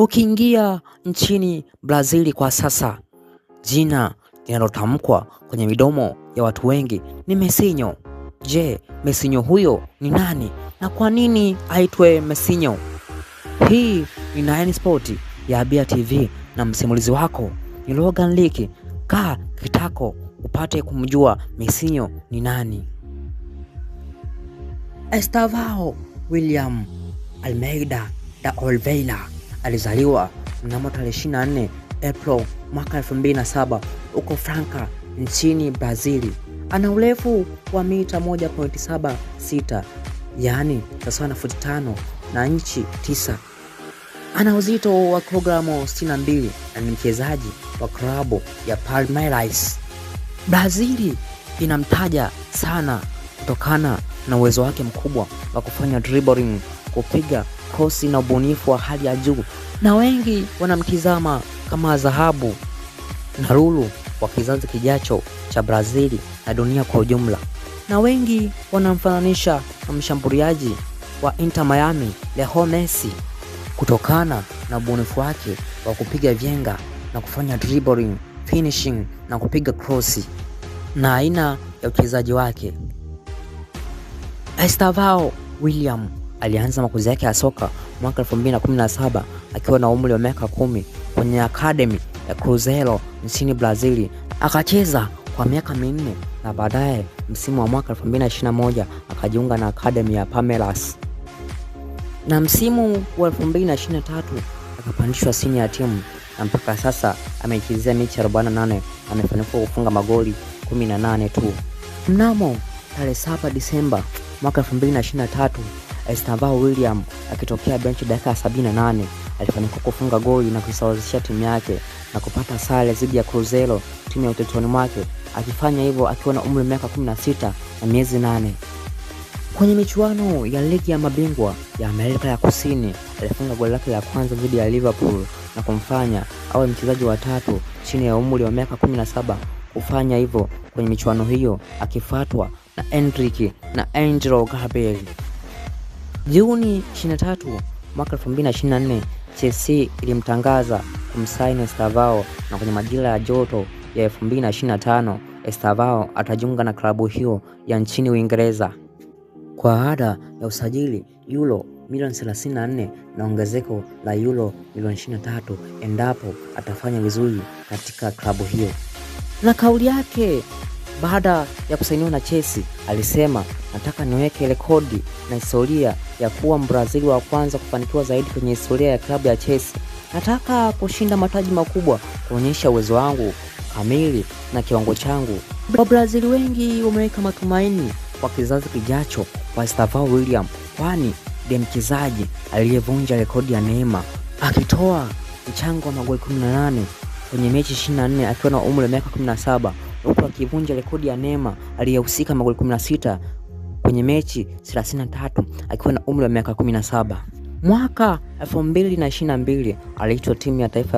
Ukiingia nchini Brazil kwa sasa, jina linalotamkwa kwenye midomo ya watu wengi ni mesinyo Je, mesinyo huyo ni nani na kwa nini aitwe mesinyo Hii ni Nine Sport ya Abia TV na msimulizi wako ni Logan Liki. Kaa kitako upate kumjua mesinyo ni nani. Estavao William Almeida da olveila alizaliwa mnamo tarehe 24 April mwaka 2007 huko Franca nchini Brazili. Ana urefu wa mita 1.76 yaani sawa na futi tano na inchi tisa. Ana uzito wa kilogramu 62 na ni mchezaji wa klabu ya Palmeiras. Brazili inamtaja sana kutokana na uwezo wake mkubwa wa kufanya dribbling, kupiga kosi na ubunifu wa hali ya juu, na wengi wanamtizama kama dhahabu na lulu wa kizazi kijacho cha Brazili na dunia kwa ujumla, na wengi wanamfananisha na mshambuliaji wa Inter Miami Leo Messi kutokana na ubunifu wake wa kupiga vyenga na kufanya dribbling, finishing na kupiga krosi na aina ya uchezaji wake. Estavao William Alianza makuzi yake ya soka mwaka 2017 akiwa na umri wa miaka kumi kwenye akademi ya Cruzeiro nchini Brazil. Akacheza kwa miaka minne na baadaye msimu wa mwaka 2021 akajiunga na akademi ya Palmeiras na msimu wa 2023 akapandishwa senior ya timu na mpaka sasa amechezea mechi 48 amefanikiwa kufunga magoli 18 tu. Mnamo tarehe 7 Disemba mwaka 2023 Estavao William akitokea benchi dakika ya 78 alifanikiwa kufunga goli na kuisawazisha timu yake na kupata sare zidi ya Cruzeiro, timu ya utotoni mwake, akifanya hivyo akiwa na umri wa miaka 16 na miezi 8. Kwenye michuano ya ligi ya mabingwa ya Amerika ya Kusini alifunga goli lake la kwanza dhidi ya Liverpool na kumfanya awe mchezaji wa tatu chini ya umri wa miaka 17 kufanya hivyo kwenye michuano hiyo, akifuatwa na Endrick na Angelo Gabriel. Juni 23 mwaka 2024, Chelsea ilimtangaza kumsaini Estavao na kwenye majira ya joto ya 2025 Estavao atajiunga na klabu hiyo ya nchini Uingereza kwa ada ya usajili euro milioni 34 na ongezeko la euro milioni 23 endapo atafanya vizuri katika klabu hiyo. Na kauli yake baada ya kusainiwa na Chelsea, alisema nataka niweke rekodi na historia ya kuwa Mbrazili wa kwanza kufanikiwa zaidi kwenye historia ya klabu ya Chelsea. Nataka kushinda mataji makubwa, kuonyesha uwezo wangu kamili na kiwango changu. Wabrazili wengi wameweka matumaini kwa kizazi kijacho kwa Estevao William, kwani ndiye mchezaji aliyevunja rekodi ya Neymar akitoa mchango wa magoli 18 kwenye mechi 24 akiwa na umri wa miaka 17 huku akivunja rekodi ya Neymar aliyehusika magoli 16 kwenye mechi 33 akiwa na umri wa miaka 17. Mwaka 2022 aliitwa timu ya taifa